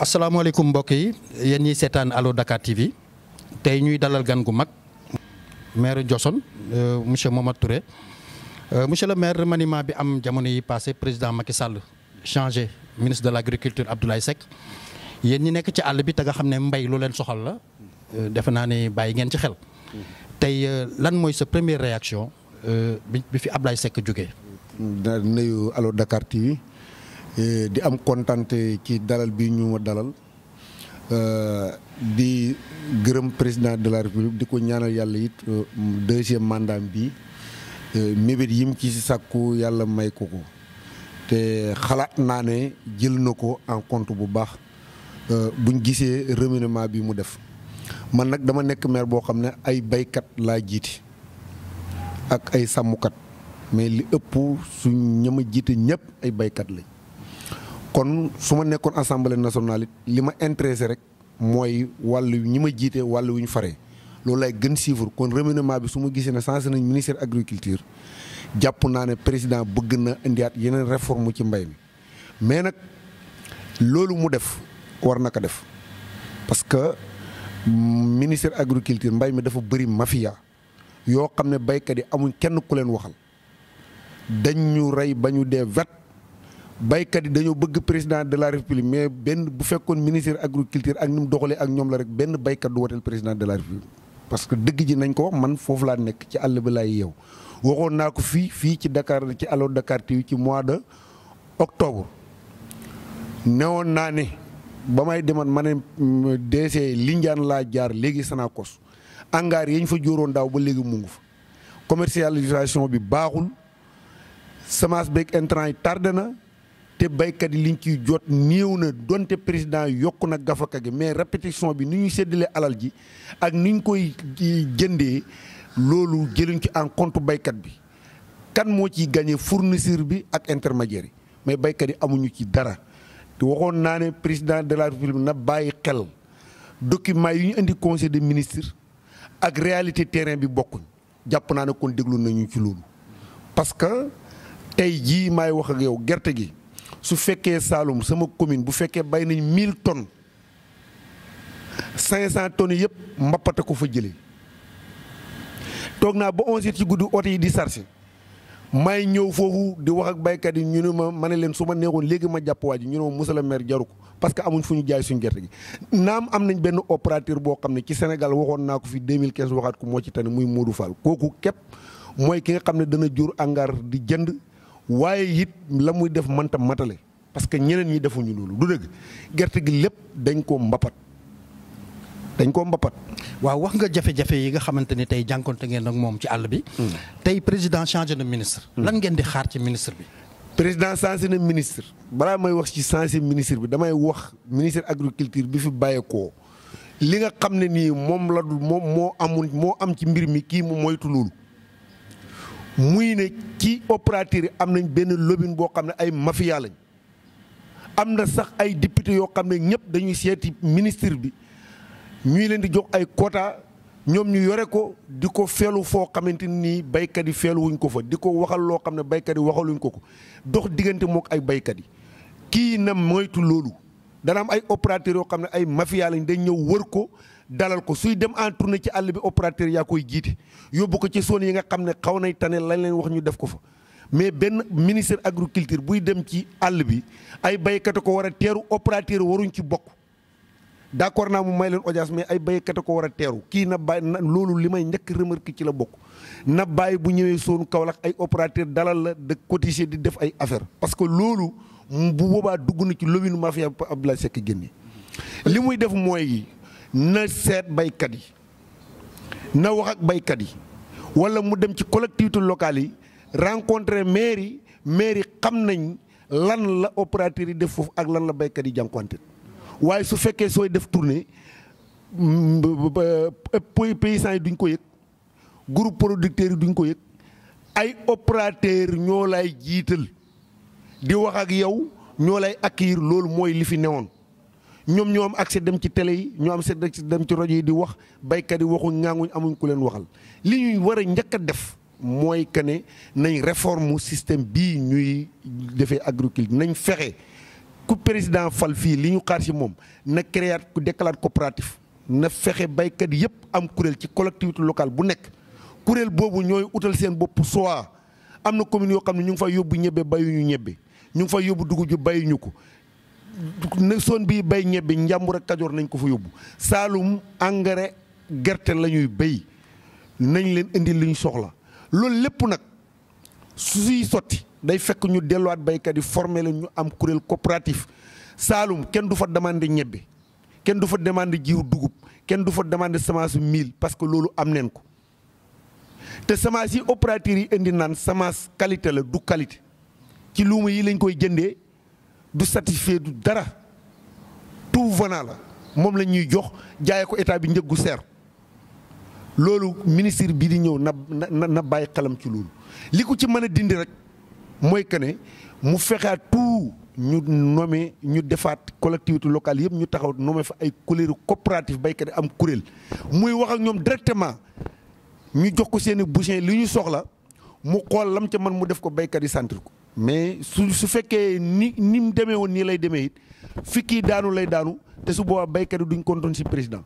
asalaamaaleykum mbokk yi yéen ñiy seetaan allo Dakar TV tey ñuy dalal gan gu mag maire Diossone euh, monsieur Momar Touré euh, monsieur le maire remaniement bi am jamono yi passé président Macky Sall changé ministre de l' agriculture Abdoulaye Seck yéen ñi nekk ci àll bi te nga xam ne mbay lu leen soxal la euh, defe naa ne bàyyi ngeen ci xel tey lan mooy sa première réaction bi fi Abdoulaye Seck jógee. dina nuyu allo Dakar TV. Eh, di am kontante ci dalal bi ñu ma dalal eh, di gërëm président de la république di ko ñaanal yàlla it eh, deuxième mandat bi mébét yim ci sàkku yàlla may ko ko te xalaat naa ne jël na ko en compte bu baax buñ gisee remaniement bi mu def man nag dama nekk maire boo xam ne ay baykat laa jiiti ak ay sàmmkat mais li ëpp su ñama jiite ñëpp ay baykat lañ kon su ma nekkoon assemblée nationale it li ma intéressé rek mooy wàllu ñi ma jiite wàllu wu ñu faree loolu lay gën suivre kon remaniement bi su ma gisee ne sensé nañ ministère agriculture jàpp naa ne président bëgg na indiaat yeneen réforme ci mbay mi mais nag loolu mu def war na ko def parce que ministère agriculture mbay mi dafa bëri mafia yoo xam ne baykat yi amuñ kenn ku leen waxal dañ ñu rey ba ñu dee vet baykat yi dañoo bëgg président de la république mais benn bu fekkoon ministre agriculture ak ni mu doxalee ak ñoom la rek benn baykat du woteel président de la république. parce que dëgg ji nañ ko wax man foofu laa nekk ci àll bi laay yeew waxoon naa ko fii fii ci Dakar ci Allo Dakar TV ci mois de octobre newoon naa ne ba may demoon ma ne euh, DC Lindiane laa jaar léegi Sonacos hangar yañ fa jóoroon daaw ba léegi mu ngi fa commercialisation bi baaxul semence beeg intrant yi tardé na. te béykat yi liñ ciy jot néew na donte président yokku na gafaka gi mais répétition bi ni ñuy séddale alal ji ak ni ñu koy jëndee loolu jëluñ ci en compte béykat bi kan moo ciy gagné fournisseur bi ak intermédiaire yi mais béykat yi amuñu ci dara te waxoon naa ne président de la république na bàyyi xel document yi ñu indi conseil des ministres ak réalité terrain bi bokkuñ jàpp naa ne kon déglu nañu ci loolu parce que tey jii maay wax ak yow gerte gi. su fekkee Saloum sama commune bu fekkee bay nañ mille 1000 cinq 500 tonnes yëpp mbappata ko fa jëlee toog naa ba 11 ci guddi oto yi di sarse may ñëw foofu di wax ak baykat yi ñu ne ma ma ne leen su ma neexoon léegi ma jàpp waa ji ñu ne ma monsieur le maire jaru ko parce que amuñ fu ñu jaay suñ gerte gi naam am nañ benn opérateur boo xam ne ci Sénégal waxoon naa ko fi 2015 waxaat ko moo ci tane muy Modou kooku képp mooy ki nga xam ne dana jur angar di jënd. waaye it la muy def mënta matale parce que ñeneen ñi defuñu loolu du dëgg gerte gi lépp dañ koo mbappat dañ ko mbapat. waaw wax nga jafe-jafe yi nga xamante ni tey jànkonte ngeen ak moom ci àll bi. Hmm. tey président changé na ministre. Hmm. lan ngeen di xaar ci ministre bi. président changé na ministre balaa may wax ci changé ministre bi damay wax ministre agriculture bi fi bàyyeekoo li nga xam ne nii moom la moom moo amul moo am ci mbir mi kii mu moytu loolu. muy ne ci opérateur yi am nañ benn lobin boo xam ne ay mafia lañ am na sax ay député yoo xam ne ñëpp dañuy seeti ministre bi ñuy leen di jox ay quota ñoom ñu yore ko di ko feelu foo xamante nii baykat yi feelu ko fa di ko waxal loo xam ne baykat yi waxaluñ ko ko dox diggante mook ay baykat yi kii na moytu loolu dana am ay opérateur yoo xam ne ay mafia lañ dañ ñëw wër ko dalal ko suy dem en ci àll bi opérateur yaa koy jiite yóbbu ko ci zone yi nga xam ne xaw nay tane lañ leen wax ñu def ko fa mais benn ministre agriculture buy dem ci àll bi ay béykat ko war a teeru opérateur waruñ ci bokk d'accord naa mu may leen audience mais ay béykat ko war a teeru kii na bàyyi loolu li may njëkk remarque ci la bokk na bàyyi bu ñëwee zone Kaolack ay opérateur dalal la de cotiser di def ay affaire parce que loolu bu boobaa dugg na ci lobinu mafia Abdoulaye Seck génne li muy def mooy na seet baykat yi na wax ak baykat yi wala mu dem ci collectivité locale yi rencontrer maire yi maire yi xam nañ lan la opérateur yi def foofu ak lan la baykat yi jànkuwante waaye su fekkee sooy def tournée paysans yi duñ ko yëg groupe producteurs yi duñ ko yëg ay opérateur ñoo lay jiital di wax ak yow ñoo lay accueillir loolu mooy li fi newoon ñoom ñoo am accès dem ci télé yi ñoo am accès dem ci rajo yi di wax baykat yi waxuñ ngaanguñ amuñ ku leen waxal li ñuy war a njëkk a def mooy que ne nañ réforme système bii ñuy defee agriculture nañ fexe ku président fal fii li ñu xaar ci moom na créer ku déclare coopérative na fexe baykat yëpp am kuréel ci collectivité locale bu nekk kuréel boobu ñooy utal seen bopp soit am na commune yoo xam ne ñu ngi fay yóbbu ñebe bayuñu ñebe ñu ngi fay yóbbu dugub ji bayuñu ko zone bii bay ñebbi njàmbur ak kajoor nañ ko fa yóbbu saalum engrais gerte la ñuy béy nañ leen indi li ñu soxla loolu lépp nag su suy sotti day fekk ñu delluwaat baykat yi formé leen ñu am kuréel coopératif saalum kenn du fa demandé ñebbe kenn du fa demandé jiwu dugub kenn du fa demandé semence mil parce que loolu am neen ko te semence yi opérateur yi indi naan semence qualité la du qualité ci luuma yi lañ koy jëndee du certifié du dara tout venant la moom la ñuy jox jaaye ko état bi njëggu seer loolu ministre bi di ñëw na na na bàyyi xelam ci loolu li ko ci mën a dindi rek mooy que ne mu fexaat tout ñu nommé ñu defaat collectivité locale yëpp ñu taxaw nommé fa ay kuréelu coopérative béykat yi am kuréel muy wax ak ñoom directement ñu jox ko seen i bouchon li ñu soxla mu xool lam ca man mu def ko béykat yi sentir ko mais su su fekkee ni ni mu demee woon nii lay demee it fikki daanu lay daanu te su boobaa béykat yi duñ kontoon si président.